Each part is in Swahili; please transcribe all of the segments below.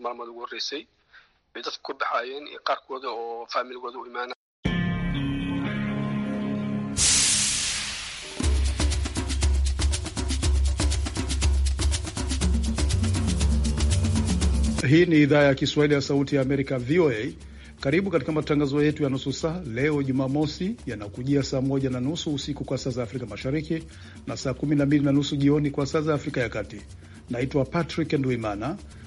maalmood ugu horreysay ay dadka ku baxaayeen qaarkooda oo faamiligooda u imaana Hii ni idhaa ya Kiswahili ya Sauti ya Amerika, VOA. Karibu katika matangazo yetu ya nusu saa leo Jumamosi, yanakujia saa moja na nusu usiku kwa saa za Afrika Mashariki na saa kumi na mbili na nusu jioni kwa saa za Afrika ya Kati. Naitwa Patrick Nduimana.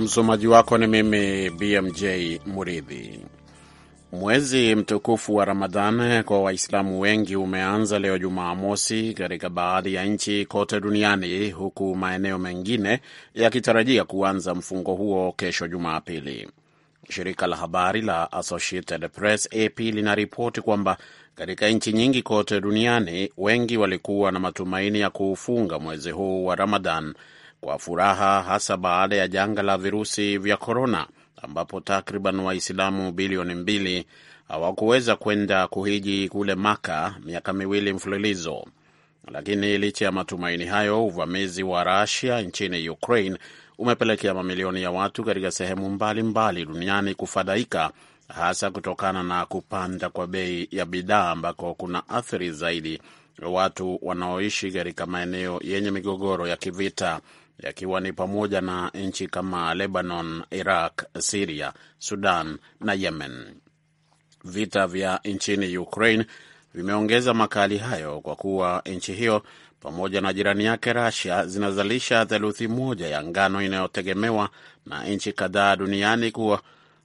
Msomaji wako ni mimi BMJ Muridhi. Mwezi mtukufu wa Ramadhan kwa Waislamu wengi umeanza leo Jumamosi katika baadhi ya nchi kote duniani, huku maeneo mengine yakitarajia kuanza mfungo huo kesho Jumapili. Shirika la habari la Associated Press AP linaripoti kwamba katika nchi nyingi kote duniani wengi walikuwa na matumaini ya kuufunga mwezi huu wa Ramadhan kwa furaha, hasa baada ya janga la virusi vya korona, ambapo takriban Waislamu bilioni mbili hawakuweza kwenda kuhiji kule Maka miaka miwili mfululizo. Lakini licha ya matumaini hayo, uvamizi wa rasia nchini Ukraine umepelekea mamilioni ya watu katika sehemu mbalimbali mbali duniani kufadhaika, hasa kutokana na kupanda kwa bei ya bidhaa ambako kuna athari zaidi watu wanaoishi katika maeneo yenye migogoro ya kivita yakiwa ni pamoja na nchi kama Lebanon, Iraq, Siria, Sudan na Yemen. Vita vya nchini Ukraine vimeongeza makali hayo kwa kuwa nchi hiyo pamoja na jirani yake Russia zinazalisha theluthi moja ya ngano inayotegemewa na nchi kadhaa duniani kuwa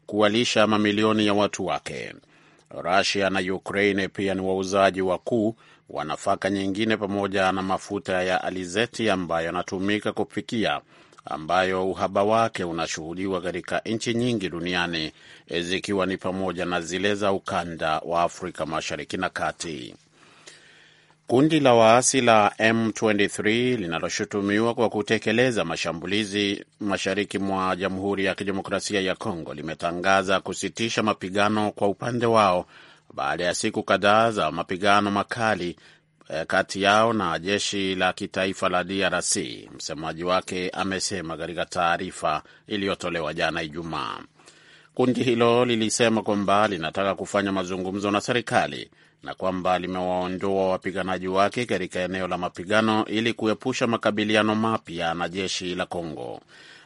kuwalisha mamilioni ya watu wake. Russia na Ukraine pia ni wauzaji wakuu wa nafaka nyingine pamoja na mafuta ya alizeti ambayo yanatumika kupikia ambayo uhaba wake unashuhudiwa katika nchi nyingi duniani eh, zikiwa ni pamoja na zile za ukanda wa Afrika Mashariki na Kati. Kundi la waasi la M23 linaloshutumiwa kwa kutekeleza mashambulizi mashariki mwa Jamhuri ya Kidemokrasia ya Kongo limetangaza kusitisha mapigano kwa upande wao baada ya siku kadhaa za mapigano makali eh, kati yao na jeshi la kitaifa la DRC, msemaji wake amesema katika taarifa iliyotolewa jana Ijumaa. Kundi hilo lilisema kwamba linataka kufanya mazungumzo na serikali na kwamba limewaondoa wapiganaji wake katika eneo la mapigano ili kuepusha makabiliano mapya na jeshi la Kongo.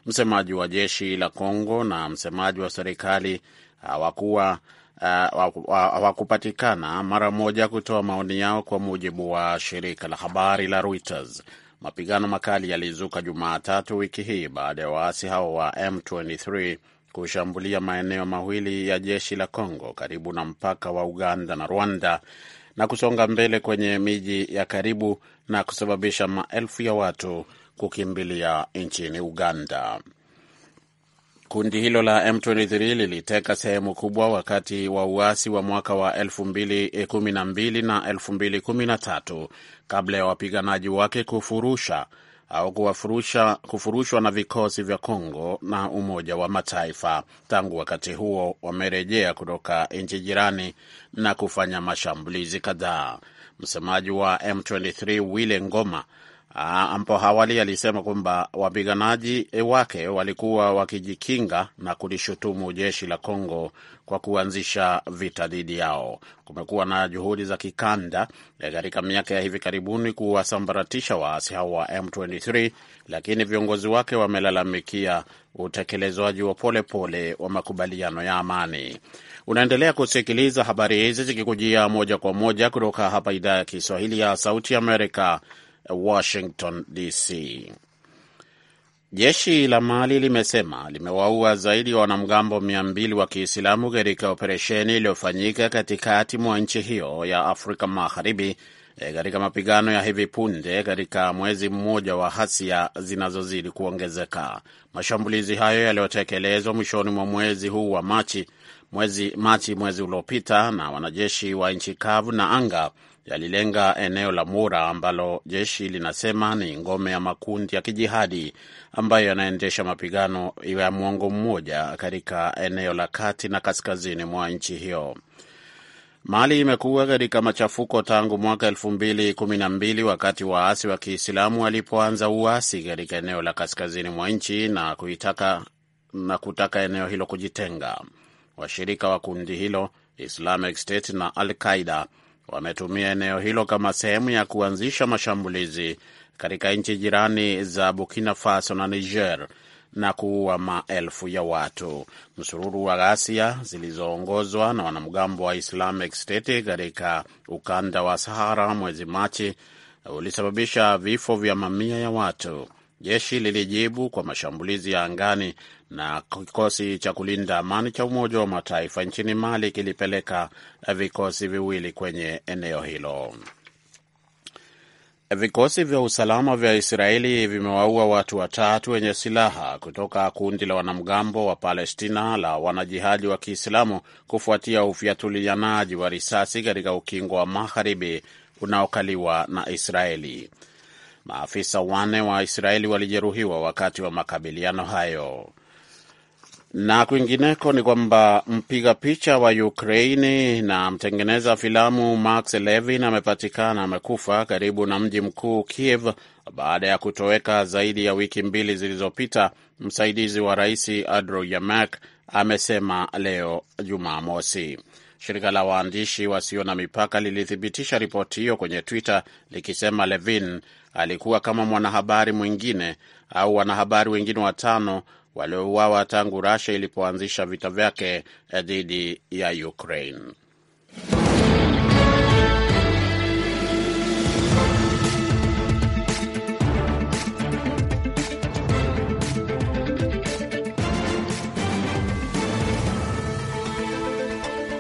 Msemaji wa jeshi la Kongo na msemaji wa serikali hawakuwa Eh, hawakupatikana uh, mara moja kutoa maoni yao, kwa mujibu wa shirika la habari la Reuters. Mapigano makali yalizuka Jumatatu wiki hii baada ya waasi hao wa M23 kushambulia maeneo mawili ya jeshi la Congo karibu na mpaka wa Uganda na Rwanda na kusonga mbele kwenye miji ya karibu na kusababisha maelfu ya watu kukimbilia nchini Uganda. Kundi hilo la M23 liliteka sehemu kubwa wakati wa uasi wa mwaka wa 2012 na 2013 kabla ya wapiganaji wake kufurusha au kuwafurusha, kufurushwa na vikosi vya Kongo na Umoja wa Mataifa. Tangu wakati huo wamerejea kutoka nchi jirani na kufanya mashambulizi kadhaa. Msemaji wa M23 wille Ngoma ambapo ah, awali alisema kwamba wapiganaji eh, wake walikuwa wakijikinga na kulishutumu jeshi la Kongo kwa kuanzisha vita dhidi yao. Kumekuwa na juhudi za kikanda eh, katika miaka ya hivi karibuni kuwasambaratisha waasi hao wa M23, lakini viongozi wake wamelalamikia utekelezwaji wa polepole wa makubaliano ya amani. Unaendelea kusikiliza habari hizi zikikujia moja kwa moja kutoka hapa idhaa ya Kiswahili ya Sauti Amerika Washington DC. Jeshi la Mali limesema limewaua zaidi ya wanamgambo mia mbili wa Kiislamu katika operesheni iliyofanyika katikati mwa nchi hiyo ya Afrika Magharibi e, katika mapigano ya hivi punde katika mwezi mmoja wa hasia zinazozidi kuongezeka. Mashambulizi hayo yaliyotekelezwa mwishoni mwa mwezi huu wa Machi mwezi Machi mwezi uliopita na wanajeshi wa nchi kavu na anga yalilenga eneo la Mura ambalo jeshi linasema ni ngome ya makundi ya kijihadi ambayo yanaendesha mapigano ya mwongo mmoja katika eneo la kati na kaskazini mwa nchi hiyo. Mali imekuwa katika machafuko tangu mwaka elfu mbili kumi na mbili wakati waasi wa Kiislamu walipoanza uasi katika eneo la kaskazini mwa nchi na kuitaka na kutaka eneo hilo kujitenga. Washirika wa kundi hilo Islamic State na Al Qaida wametumia eneo hilo kama sehemu ya kuanzisha mashambulizi katika nchi jirani za Burkina Faso na Niger na kuua maelfu ya watu. Msururu wa ghasia zilizoongozwa na wanamgambo wa Islamic State katika ukanda wa Sahara mwezi Machi ulisababisha vifo vya mamia ya watu. Jeshi lilijibu kwa mashambulizi ya angani na kikosi cha kulinda amani cha Umoja wa Mataifa nchini Mali kilipeleka vikosi viwili kwenye eneo hilo. Vikosi vya usalama vya Israeli vimewaua watu watatu wenye silaha kutoka kundi la wanamgambo wa Palestina la wanajihadi wa Kiislamu kufuatia ufyatulianaji wa risasi katika ukingo wa magharibi unaokaliwa na Israeli. Maafisa wanne wa Israeli walijeruhiwa wakati wa makabiliano hayo. Na kwingineko ni kwamba mpiga picha wa Ukraini na mtengeneza filamu Max Levin amepatikana amekufa karibu na mji mkuu Kiev baada ya kutoweka zaidi ya wiki mbili zilizopita. Msaidizi wa rais Andriy Yermak amesema leo Jumamosi. Shirika la waandishi wasio na mipaka lilithibitisha ripoti hiyo kwenye Twitter likisema Levin alikuwa kama mwanahabari mwingine au wanahabari wengine watano waliouawa tangu Russia ilipoanzisha vita vyake eh, dhidi ya Ukraine.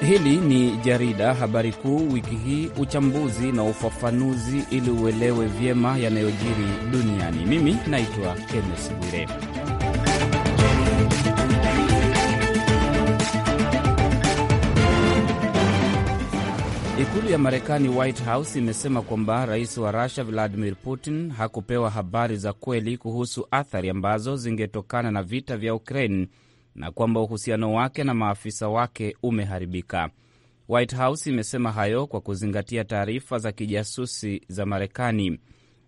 Hili ni jarida habari kuu wiki hii, uchambuzi na ufafanuzi, ili uelewe vyema yanayojiri duniani. Mimi naitwa Kennes Bwire. Ikulu ya Marekani, White House, imesema kwamba rais wa Rusia Vladimir Putin hakupewa habari za kweli kuhusu athari ambazo zingetokana na vita vya Ukraine na kwamba uhusiano wake na maafisa wake umeharibika. White House imesema hayo kwa kuzingatia taarifa za kijasusi za Marekani.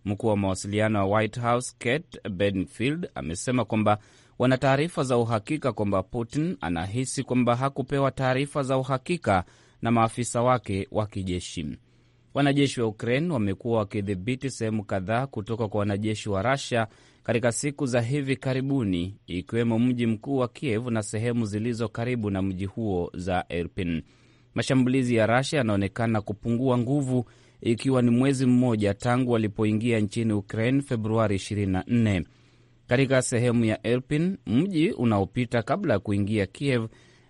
Mkuu wa mawasiliano wa White House Kate amesema kwamba wana taarifa za uhakika kwamba Putin anahisi kwamba hakupewa taarifa za uhakika na maafisa wake wa kijeshi. Wanajeshi wa Ukraine wamekuwa wakidhibiti sehemu kadhaa kutoka kwa wanajeshi wa Russia katika siku za hivi karibuni, ikiwemo mji mkuu wa Kiev na sehemu zilizo karibu na mji huo za Irpin. Mashambulizi ya Russia yanaonekana kupungua nguvu, ikiwa ni mwezi mmoja tangu walipoingia nchini Ukraine Februari 24. Katika sehemu ya Irpin, mji unaopita kabla ya kuingia Kiev,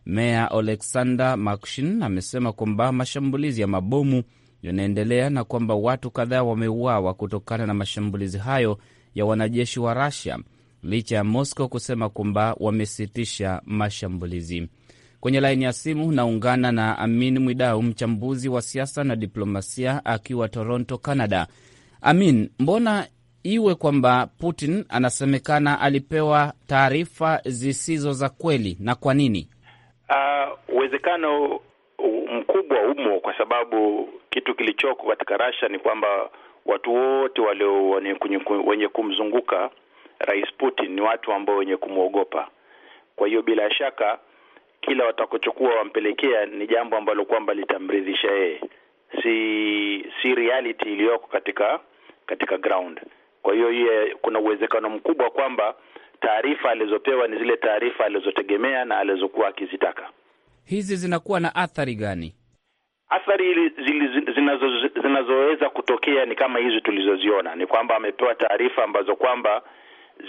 meya Oleksandr Makshin amesema kwamba mashambulizi ya mabomu yanaendelea na kwamba watu kadhaa wameuawa kutokana na mashambulizi hayo ya wanajeshi wa rasia licha ya Moscow kusema kwamba wamesitisha mashambulizi. Kwenye laini ya simu naungana na Amin Mwidau, mchambuzi wa siasa na diplomasia akiwa Toronto, Canada. Amin, mbona iwe kwamba Putin anasemekana alipewa taarifa zisizo za kweli na kwa nini? Ah, uwezekano mkubwa umo, kwa sababu kitu kilichoko katika Russia ni kwamba watu wote wale wenye kumzunguka Rais Putin ni watu ambao wenye kumwogopa. Kwa hiyo bila shaka kila watakochukua wampelekea ni jambo ambalo kwamba litamridhisha yeye, si si reality iliyoko katika katika ground. Kwa hiyo yeye, kuna uwezekano mkubwa kwamba taarifa alizopewa ni zile taarifa alizotegemea na alizokuwa akizitaka hizi zinakuwa na athari gani? Athari zinazoweza kutokea ni kama hizi tulizoziona, ni kwamba amepewa taarifa ambazo kwamba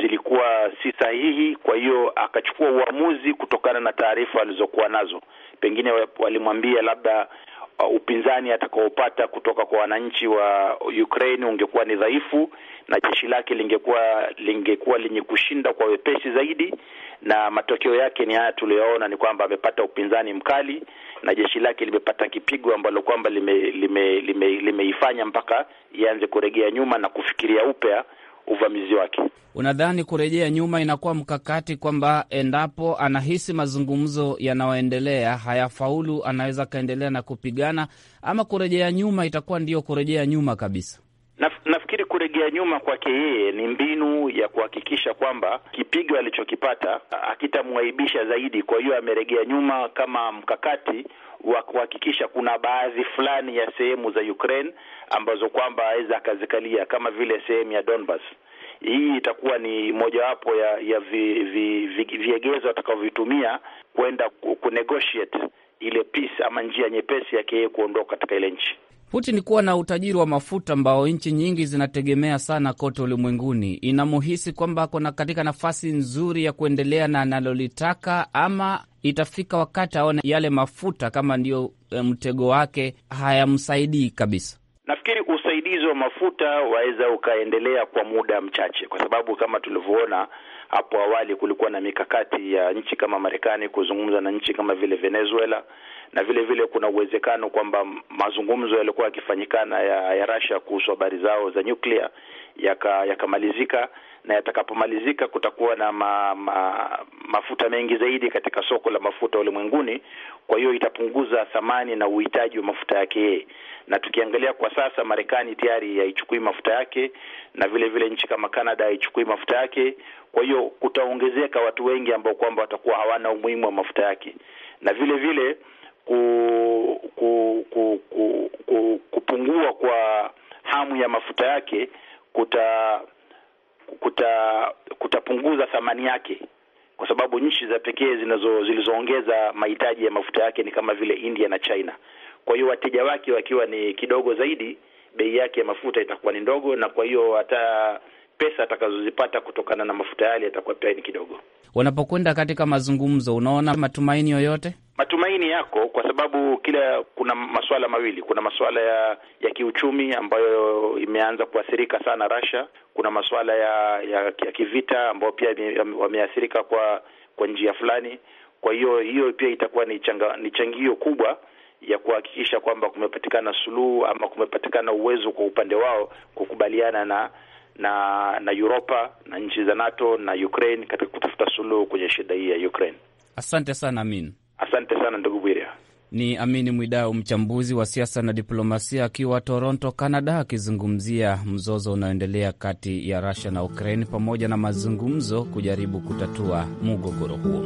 zilikuwa si sahihi. Kwa hiyo akachukua uamuzi kutokana na taarifa alizokuwa nazo, pengine walimwambia labda uh, upinzani atakaopata kutoka kwa wananchi wa Ukraine ungekuwa ni dhaifu na jeshi lake lingekuwa lingekuwa lenye kushinda kwa wepesi zaidi, na matokeo yake ni haya tuliyoona, ni kwamba amepata upinzani mkali na jeshi lake limepata kipigo ambalo kwamba limeifanya lime, lime, lime mpaka ianze kuregea nyuma na kufikiria upya uvamizi wake. Unadhani kurejea nyuma inakuwa mkakati kwamba endapo anahisi mazungumzo yanayoendelea hayafaulu, anaweza akaendelea na kupigana, ama kurejea nyuma itakuwa ndio kurejea nyuma kabisa? kuregea nyuma kwake yeye ni mbinu ya kuhakikisha kwamba kipigo alichokipata akitamwaibisha zaidi. Kwa hiyo ameregea nyuma kama mkakati wa kuhakikisha kuna baadhi fulani ya sehemu za Ukraine ambazo kwamba aweza akazikalia kama vile sehemu ya Donbas. Hii itakuwa ni mojawapo ya ya vi, vi, vi, viegezo atakavyovitumia kwenda kunegotiate ile peace ama njia nyepesi yake yeye kuondoka katika ile nchi. Putin kuwa na utajiri wa mafuta ambao nchi nyingi zinategemea sana kote ulimwenguni, inamuhisi kwamba kuna katika nafasi nzuri ya kuendelea na analolitaka, ama itafika wakati aone yale mafuta kama ndiyo eh, mtego wake hayamsaidii kabisa. Nafikiri usaidizi wa mafuta waweza ukaendelea kwa muda mchache, kwa sababu kama tulivyoona hapo awali kulikuwa na mikakati ya nchi kama Marekani kuzungumza na nchi kama vile Venezuela, na vile vile kuna uwezekano kwamba mazungumzo yalikuwa yakifanyikana ya, ya Russia kuhusu habari zao za nyuklia yakamalizika yaka na yatakapomalizika kutakuwa na ma, ma, mafuta mengi zaidi katika soko la mafuta ulimwenguni. Kwa hiyo itapunguza thamani na uhitaji wa mafuta yake, na tukiangalia kwa sasa Marekani tayari haichukui mafuta yake na vile vile nchi kama Canada haichukui mafuta yake. Kwa hiyo kutaongezeka watu wengi ambao kwamba watakuwa hawana umuhimu wa mafuta yake na vile vile ku, ku, ku, ku, ku, kupungua kwa hamu ya mafuta yake kuta kuta kutapunguza thamani yake kwa sababu nchi za pekee zinazo zilizoongeza mahitaji ya mafuta yake ni kama vile India na China. Kwa hiyo wateja wake wakiwa ni kidogo zaidi, bei yake ya mafuta itakuwa ni ndogo, na kwa hiyo hata pesa atakazozipata kutokana na mafuta yale yatakuwa pia ni kidogo. Wanapokwenda katika mazungumzo, unaona matumaini yoyote? Matumaini yako, kwa sababu kila kuna masuala mawili. Kuna masuala ya ya kiuchumi ambayo imeanza kuathirika sana Russia. Kuna masuala ya ya, ya kivita ambayo pia wameathirika kwa kwa njia fulani. Kwa hiyo hiyo pia itakuwa ni changa, ni changio kubwa ya kuhakikisha kwamba kumepatikana suluhu ama kumepatikana uwezo kwa upande wao kukubaliana na na na Europa na nchi za NATO na Ukraine katika kutafuta suluhu kwenye shida hii ya Ukraine. Asante sana Amin. Asante sana ndugu bwiria Ni Amini Mwidau, mchambuzi wa siasa na diplomasia, akiwa Toronto, Canada, akizungumzia mzozo unaoendelea kati ya Russia na Ukraine pamoja na mazungumzo kujaribu kutatua mgogoro huo.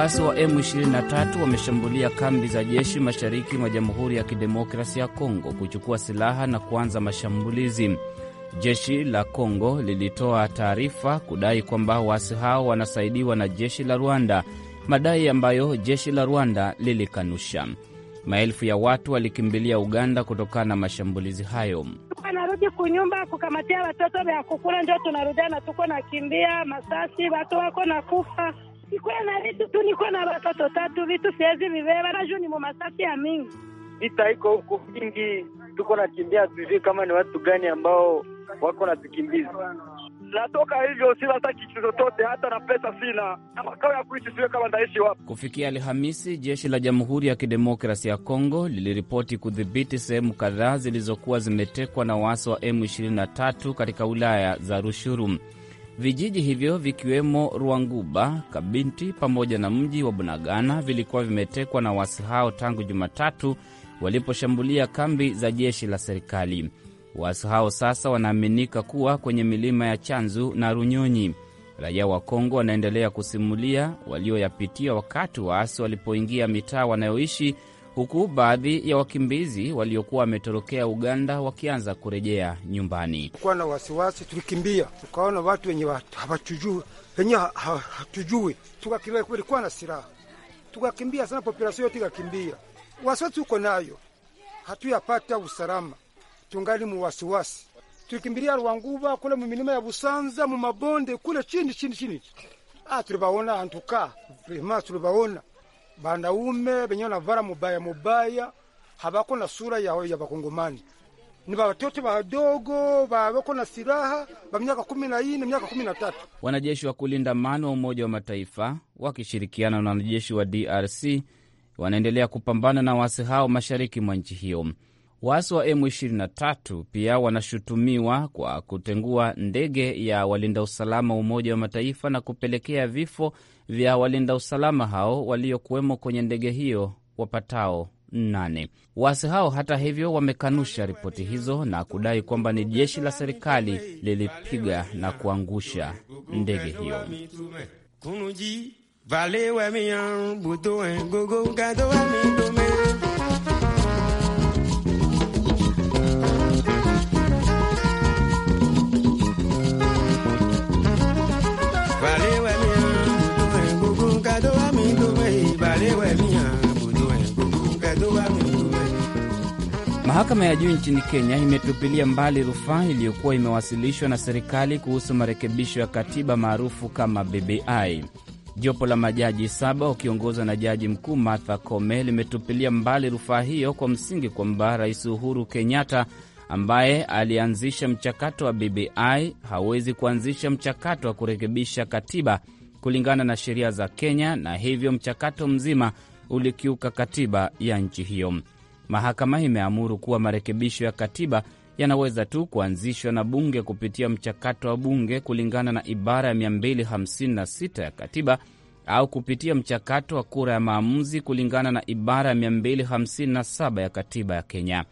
waasi wa M23 wameshambulia kambi za jeshi mashariki mwa Jamhuri ya Kidemokrasia ya Kongo kuchukua silaha na kuanza mashambulizi. Jeshi la Kongo lilitoa taarifa kudai kwamba waasi hao wanasaidiwa na jeshi la Rwanda, madai ambayo jeshi la Rwanda lilikanusha. Maelfu ya watu walikimbilia Uganda kutokana na mashambulizi hayo. Narudi kunyumba kukamatia watoto vya kukula, ndio tunarudia na tuko nakimbia masasi, watu wako na kufa sikuwe na vitu tu, nikuwe na watoto tatu, vitu siwezi vibeba, na juu ni mumasasi ya mingi. Vita iko huku vingi, tuko na kimbia, tujui kama ni watu gani ambao wako na natukimbiza. Natoka hivyo, sina hata kitu chochote, hata na pesa sina, na makao ya kuishi sio kama ndaishi wapi. Kufikia Alhamisi, jeshi la Jamhuri ya Kidemokrasi ya Kongo liliripoti kudhibiti sehemu kadhaa zilizokuwa zimetekwa na waasi wa M23 katika wilaya za Rushuru. Vijiji hivyo vikiwemo Ruanguba, Kabinti pamoja na mji wa Bunagana vilikuwa vimetekwa na waasi hao tangu Jumatatu waliposhambulia kambi za jeshi la serikali. Waasi hao sasa wanaaminika kuwa kwenye milima ya Chanzu na Runyonyi. Raia wa Kongo wanaendelea kusimulia walioyapitia wakati waasi walipoingia mitaa wanayoishi huku baadhi ya wakimbizi waliokuwa wametorokea Uganda wakianza kurejea nyumbani. Kuwa na wasiwasi, tulikimbia tukaona watu wenye hawachujui wenye hatujui, tukakimbia. Kulikuwa na silaha, tukakimbia sana, populasio yote ikakimbia. Wasiwasi uko nayo, hatuyapata usalama, tungali mu wasiwasi. Tulikimbilia Rwanguba kule mu milima ya Busanza, mu mabonde kule chini chini chini, ah, tulibaona antuka, tulibaona banaume benye wanavara mubaya mubaya habako na sura yao ya bakongomani ni watoto wadogo waweko na silaha ba miaka kumi na nne miaka kumi na tatu. Wanajeshi wa kulinda amani wa Umoja wa Mataifa wakishirikiana na wanajeshi wa DRC wanaendelea kupambana na wasi hao mashariki mwa nchi hiyo. Waasi wa M23 pia wanashutumiwa kwa kutengua ndege ya walinda usalama wa Umoja wa Mataifa na kupelekea vifo vya walinda usalama hao waliokuwemo kwenye ndege hiyo wapatao nane. Waasi hao hata hivyo wamekanusha ripoti hizo na kudai kwamba ni jeshi la serikali lilipiga na kuangusha ndege hiyo. Mahakama ya juu nchini Kenya imetupilia mbali rufaa iliyokuwa imewasilishwa na serikali kuhusu marekebisho ya katiba maarufu kama BBI. Jopo la majaji saba wakiongozwa na jaji mkuu Martha Koome limetupilia mbali rufaa hiyo kwa msingi kwamba Rais Uhuru Kenyatta ambaye alianzisha mchakato wa BBI hawezi kuanzisha mchakato wa kurekebisha katiba kulingana na sheria za Kenya, na hivyo mchakato mzima ulikiuka katiba ya nchi hiyo. Mahakama imeamuru kuwa marekebisho ya katiba yanaweza tu kuanzishwa na bunge kupitia mchakato wa bunge kulingana na ibara ya 256 ya katiba au kupitia mchakato wa kura ya maamuzi kulingana na ibara ya 257 ya katiba ya Kenya.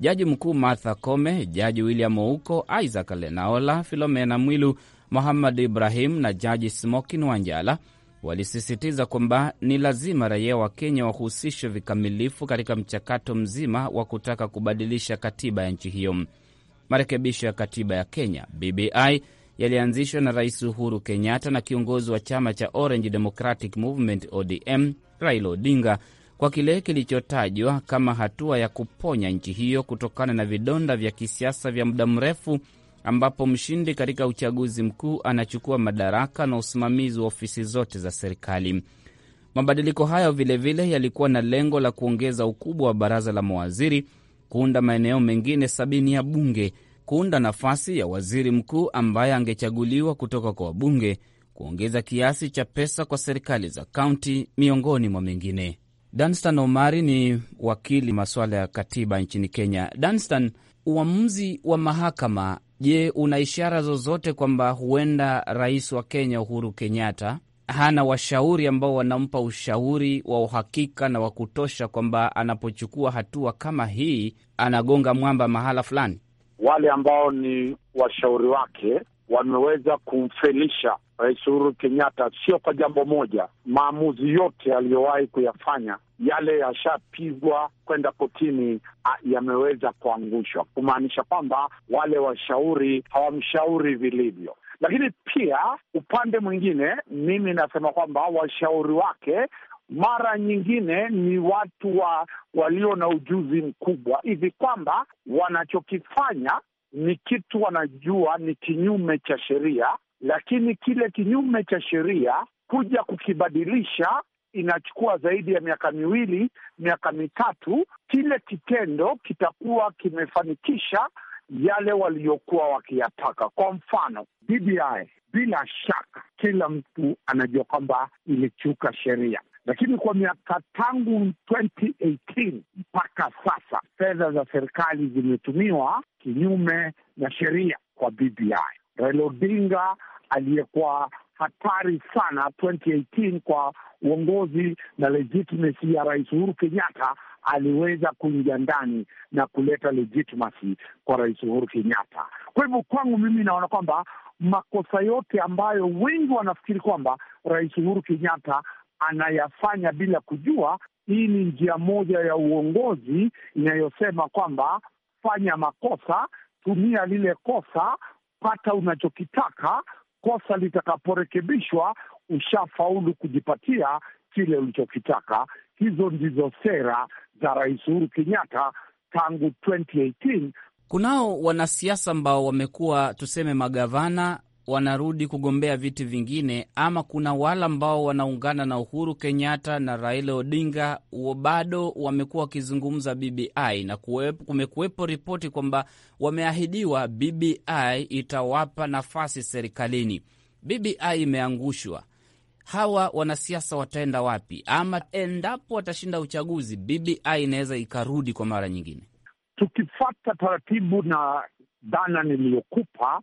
Jaji Mkuu Martha Kome, Jaji William Ouko, Isaac Lenaola, Filomena Mwilu, Muhammad Ibrahim na Jaji Smokin Wanjala walisisitiza kwamba ni lazima raia wa Kenya wahusishwe vikamilifu katika mchakato mzima wa kutaka kubadilisha katiba ya nchi hiyo. Marekebisho ya katiba ya Kenya BBI yalianzishwa na Rais Uhuru Kenyatta na kiongozi wa chama cha Orange Democratic Movement ODM Raila Odinga kwa kile kilichotajwa kama hatua ya kuponya nchi hiyo kutokana na vidonda vya kisiasa vya muda mrefu, ambapo mshindi katika uchaguzi mkuu anachukua madaraka na usimamizi wa ofisi zote za serikali. Mabadiliko hayo vilevile yalikuwa na lengo la kuongeza ukubwa wa baraza la mawaziri, kuunda maeneo mengine sabini ya bunge, kuunda nafasi ya waziri mkuu ambaye angechaguliwa kutoka kwa wabunge, kuongeza kiasi cha pesa kwa serikali za kaunti, miongoni mwa mengine. Danstan Omari ni wakili masuala ya katiba nchini Kenya. Danstan, uamuzi wa mahakama, je, una ishara zozote kwamba huenda rais wa Kenya Uhuru Kenyatta hana washauri ambao wanampa ushauri wa uhakika na wa kutosha kwamba anapochukua hatua kama hii anagonga mwamba mahala fulani? Wale ambao ni washauri wake wameweza kumfelisha Rais Uhuru Kenyatta, sio kwa jambo moja. Maamuzi yote aliyowahi kuyafanya yale yashapigwa kwenda kotini, yameweza kuangushwa, kumaanisha kwamba wale washauri hawamshauri vilivyo. Lakini pia upande mwingine, mimi nasema kwamba washauri wake mara nyingine ni watu wa walio na ujuzi mkubwa hivi kwamba wanachokifanya ni kitu wanajua ni kinyume cha sheria, lakini kile kinyume cha sheria kuja kukibadilisha inachukua zaidi ya miaka miwili, miaka mitatu. Kile kitendo kitakuwa kimefanikisha yale waliokuwa wakiyataka. Kwa mfano BBI, bila shaka kila mtu anajua kwamba ilichuka sheria, lakini kwa miaka tangu 2018 mpaka sasa fedha za serikali zimetumiwa kinyume na sheria kwa BBI. Raila Odinga aliyekuwa hatari sana 2018 kwa uongozi na legitimacy ya Rais Uhuru Kenyatta aliweza kuingia ndani na kuleta legitimacy kwa Rais Uhuru Kenyatta. Kwa hivyo kwangu mimi naona kwamba makosa yote ambayo wengi wanafikiri kwamba Rais Uhuru Kenyatta anayafanya bila kujua. Hii ni njia moja ya uongozi inayosema kwamba fanya makosa, tumia lile kosa, pata unachokitaka. Kosa litakaporekebishwa, ushafaulu kujipatia kile ulichokitaka. Hizo ndizo sera za Rais Uhuru Kenyatta tangu 2018. Kunao wanasiasa ambao wamekuwa tuseme magavana wanarudi kugombea viti vingine, ama kuna wale ambao wanaungana na Uhuru Kenyatta na Raila Odinga bado wamekuwa wakizungumza BBI na kumekuwepo ripoti kwamba wameahidiwa BBI itawapa nafasi serikalini. BBI imeangushwa. Hawa wanasiasa wataenda wapi? Ama endapo watashinda uchaguzi, BBI inaweza ikarudi kwa mara nyingine, tukifata taratibu na dhana niliyokupa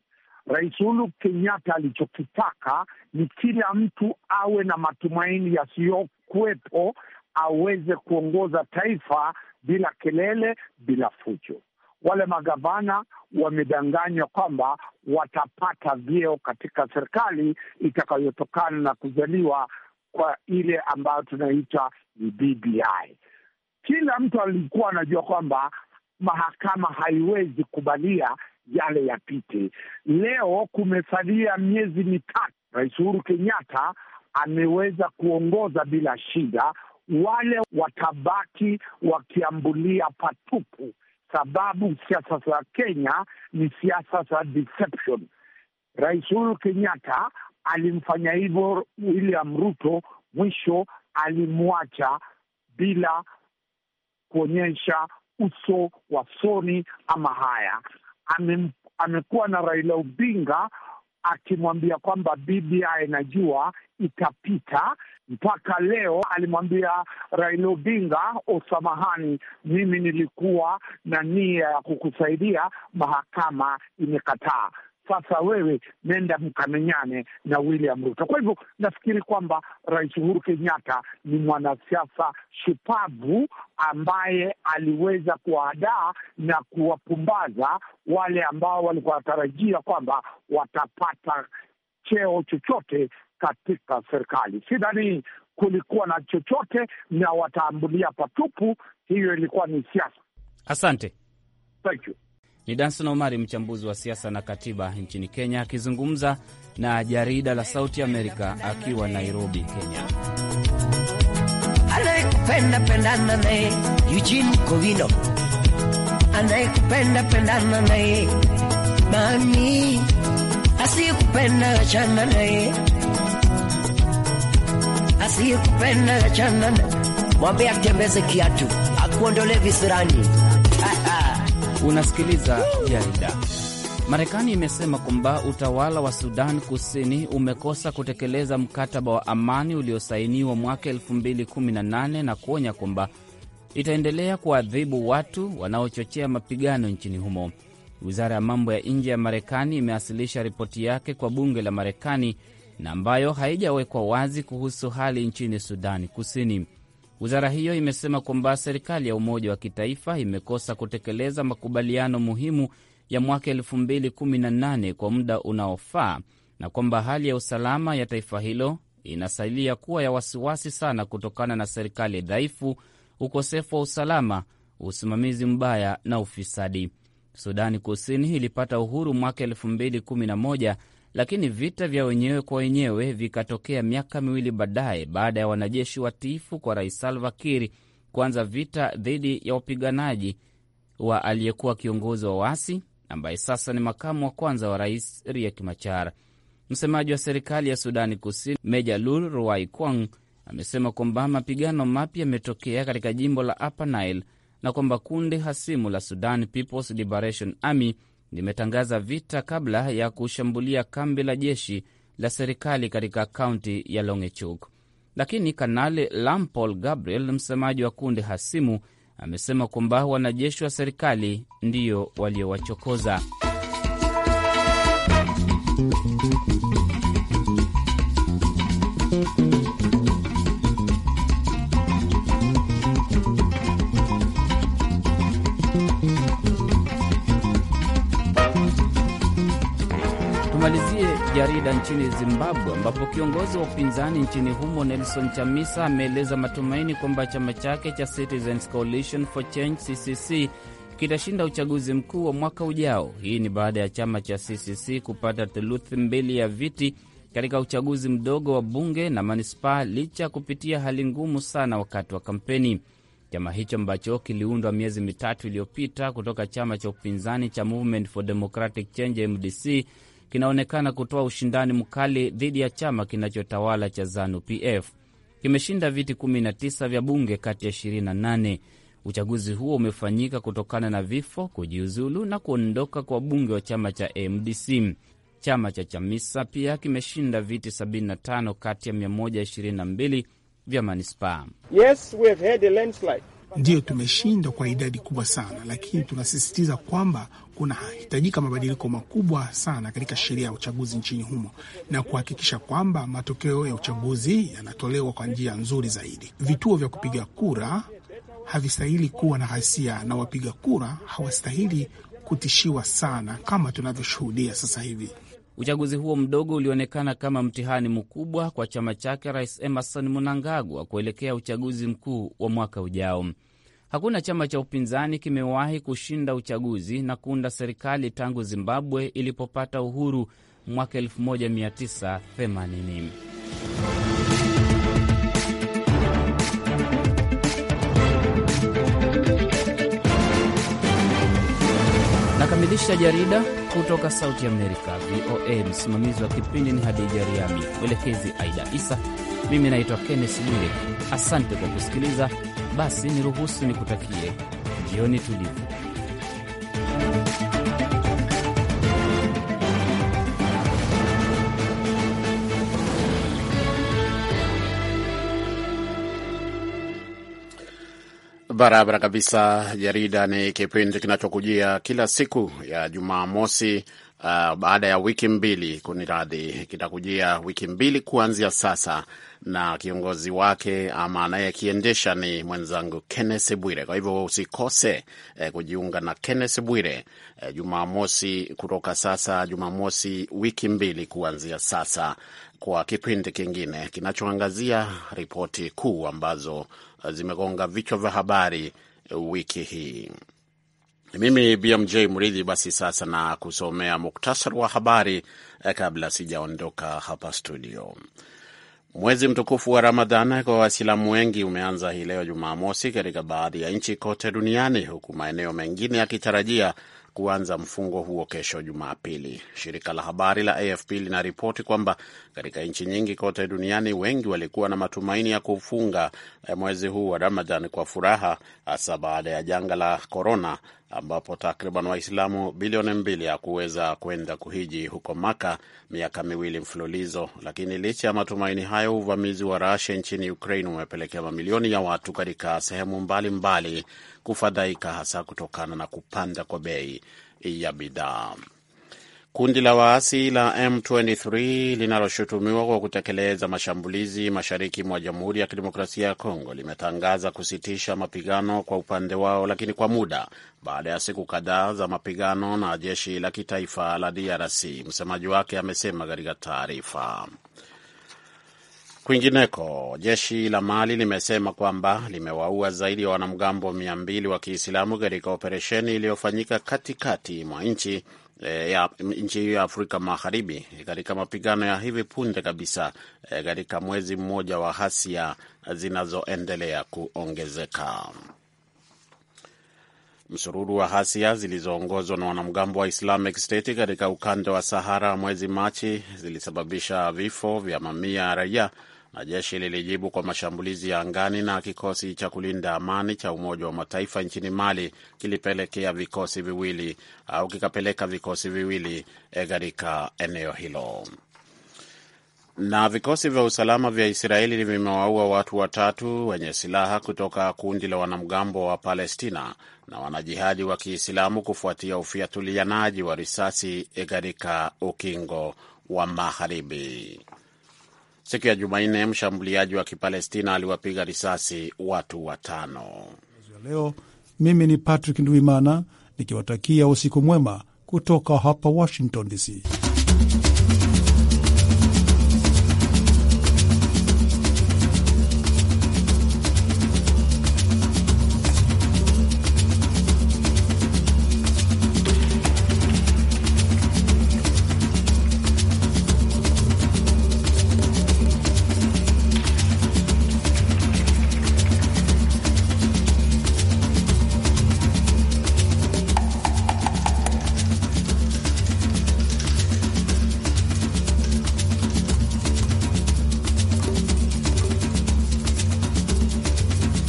Rais Uhuru Kenyatta alichokitaka ni kila mtu awe na matumaini yasiyokuwepo, aweze kuongoza taifa bila kelele, bila fujo. Wale magavana wamedanganywa kwamba watapata vyeo katika serikali itakayotokana na kuzaliwa kwa ile ambayo tunaita ni BBI. Kila mtu alikuwa anajua kwamba mahakama haiwezi kubalia yale yapite. Leo kumesalia miezi mitatu, Rais Uhuru Kenyatta ameweza kuongoza bila shida. Wale watabaki wakiambulia patupu, sababu siasa za Kenya ni siasa za deception. Rais Uhuru Kenyatta alimfanya hivyo William Ruto, mwisho alimwacha bila kuonyesha uso wa soni ama haya amekuwa na Raila Odinga akimwambia kwamba BBI najua itapita. Mpaka leo alimwambia Raila Odinga, usamahani, oh, mimi nilikuwa na nia ya kukusaidia, mahakama imekataa. Sasa wewe nenda mkamenyane na William Ruto. Kwa hivyo nafikiri kwamba Rais Uhuru Kenyatta ni mwanasiasa shupavu ambaye aliweza kuwaadaa na kuwapumbaza wale ambao walikuwa natarajia kwamba watapata cheo chochote katika serikali. Sidhani kulikuwa na chochote, na wataambulia patupu. Hiyo ilikuwa ni siasa. Asante, thank you. Ni Danson Omari, mchambuzi wa siasa na katiba nchini Kenya, akizungumza na jarida la Sauti Amerika akiwa Nairobi, Kenya. Anayekupenda pendana naye, Eugene Kowino. Anayekupenda pendana naye, mami. Asiyekupenda achana naye, asiyekupenda achana naye, mwambie atembeze kiatu, akuondole visirani Unasikiliza jarida. Marekani imesema kwamba utawala wa Sudan Kusini umekosa kutekeleza mkataba wa amani uliosainiwa mwaka 2018 na kuonya kwamba itaendelea kuadhibu watu wanaochochea mapigano nchini humo. Wizara ya mambo ya nje ya Marekani imewasilisha ripoti yake kwa bunge la Marekani na ambayo haijawekwa wazi kuhusu hali nchini Sudani Kusini. Wizara hiyo imesema kwamba serikali ya umoja wa kitaifa imekosa kutekeleza makubaliano muhimu ya mwaka 2018 kwa muda unaofaa na kwamba hali ya usalama ya taifa hilo inasalia kuwa ya wasiwasi sana kutokana na serikali dhaifu, ukosefu wa usalama, usimamizi mbaya na ufisadi. Sudani Kusini ilipata uhuru mwaka 2011 lakini vita vya wenyewe kwa wenyewe vikatokea miaka miwili baadaye baada ya wanajeshi watiifu kwa Rais Salva Kiir kuanza vita dhidi ya wapiganaji wa aliyekuwa kiongozi wa waasi ambaye sasa ni makamu wa kwanza wa rais Riek Machar. Msemaji wa serikali ya Sudani Kusini Meja Lul Ruai Kwang amesema kwamba mapigano mapya yametokea katika jimbo la Upper Nile na kwamba kundi hasimu la Sudan People's Liberation Army limetangaza vita kabla ya kushambulia kambi la jeshi la serikali katika kaunti ya Longechuk. Lakini Kanali Lampol Gabriel, msemaji wa kundi hasimu, amesema kwamba wanajeshi wa serikali ndiyo waliowachokoza. Tumalizie jarida nchini Zimbabwe ambapo kiongozi wa upinzani nchini humo Nelson Chamisa ameeleza matumaini kwamba chama chake cha Citizens Coalition for Change CCC kitashinda uchaguzi mkuu wa mwaka ujao. Hii ni baada ya chama cha CCC kupata theluthi mbili ya viti katika uchaguzi mdogo wa bunge na manispaa, licha ya kupitia hali ngumu sana wakati wa kampeni. Chama hicho ambacho kiliundwa miezi mitatu iliyopita kutoka chama cha upinzani cha Movement for Democratic Change MDC kinaonekana kutoa ushindani mkali dhidi ya chama kinachotawala cha ZANU-PF. Kimeshinda viti 19 vya bunge kati ya 28. Uchaguzi huo umefanyika kutokana na vifo, kujiuzulu na kuondoka kwa bunge wa chama cha MDC. Chama cha Chamisa pia kimeshinda viti 75 kati ya 122 vya manispaa. Yes, we have had a landslide. Ndiyo, tumeshindwa kwa idadi kubwa sana, lakini tunasisitiza kwamba kunahitajika mabadiliko makubwa sana katika sheria ya uchaguzi nchini humo na kuhakikisha kwamba matokeo ya uchaguzi yanatolewa kwa njia nzuri zaidi. Vituo vya kupiga kura havistahili kuwa na ghasia na wapiga kura hawastahili kutishiwa sana kama tunavyoshuhudia sasa hivi. Uchaguzi huo mdogo ulionekana kama mtihani mkubwa kwa chama chake Rais Emerson Mnangagwa kuelekea uchaguzi mkuu wa mwaka ujao. Hakuna chama cha upinzani kimewahi kushinda uchaguzi na kuunda serikali tangu Zimbabwe ilipopata uhuru mwaka 1980. Nakamilisha jarida kutoka Sauti Amerika, VOA. Msimamizi wa kipindi ni Hadija Riami, mwelekezi Aida Isa. Mimi naitwa Kennes Bwire, asante kwa kusikiliza. Basi niruhusu nikutakie jioni tulivu. Barabara kabisa. Jarida ni kipindi kinachokujia kila siku ya Jumamosi uh, baada ya wiki mbili kuniradhi, kitakujia wiki mbili kuanzia sasa, na kiongozi wake ama anayekiendesha ni mwenzangu Kenneth Bwire. Kwa hivyo usikose eh, kujiunga na Kenneth Bwire eh, Jumamosi kutoka sasa, Jumamosi wiki mbili kuanzia sasa kwa kipindi kingine kinachoangazia ripoti kuu ambazo eh, zimegonga vichwa vya habari eh, wiki hii. Ni mimi BMJ Mridhi. Basi sasa na kusomea muktasari wa habari eh, kabla sijaondoka hapa studio. Mwezi mtukufu wa Ramadhan kwa Waislamu wengi umeanza hii leo Jumamosi katika baadhi ya nchi kote duniani, huku maeneo mengine yakitarajia kuanza mfungo huo kesho Jumapili. Shirika la habari la AFP linaripoti kwamba katika nchi nyingi kote duniani wengi walikuwa na matumaini ya kufunga eh, mwezi huu wa Ramadhan kwa furaha, hasa baada ya janga la korona ambapo takriban Waislamu bilioni mbili hakuweza kwenda kuhiji huko Maka miaka miwili mfululizo. Lakini licha ya matumaini hayo, uvamizi wa Rusia nchini Ukraine umepelekea mamilioni ya watu katika sehemu mbalimbali kufadhaika, hasa kutokana na kupanda kwa bei ya bidhaa. Kundi la waasi la M23 linaloshutumiwa kwa kutekeleza mashambulizi mashariki mwa Jamhuri ya Kidemokrasia ya Kongo limetangaza kusitisha mapigano kwa upande wao, lakini kwa muda, baada ya siku kadhaa za mapigano na jeshi la kitaifa la DRC, msemaji wake amesema katika taarifa. Kwingineko, jeshi la Mali limesema kwamba limewaua zaidi ya wanamgambo 2 wa Kiislamu katika operesheni iliyofanyika katikati mwa nchi e, ya nchi hiyo ya Afrika Magharibi katika mapigano ya hivi punde kabisa e, katika mwezi mmoja wa hasia zinazoendelea kuongezeka. Msururu wa hasia zilizoongozwa na wanamgambo wa Islamic State katika ukanda wa Sahara mwezi Machi zilisababisha vifo vya mamia ya raia na jeshi lilijibu kwa mashambulizi ya angani, na kikosi cha kulinda amani cha Umoja wa Mataifa nchini Mali kilipelekea vikosi viwili au kikapeleka vikosi viwili eh, katika eneo hilo. Na vikosi vya usalama vya Israeli vimewaua watu watatu wenye silaha kutoka kundi la wanamgambo wa Palestina na wanajihadi wa Kiislamu kufuatia ufiatulianaji wa risasi eh, katika ukingo wa Magharibi. Siku ya Jumanne, mshambuliaji wa Kipalestina aliwapiga risasi watu watano. Leo mimi ni Patrick Ndwimana nikiwatakia usiku mwema kutoka hapa Washington DC.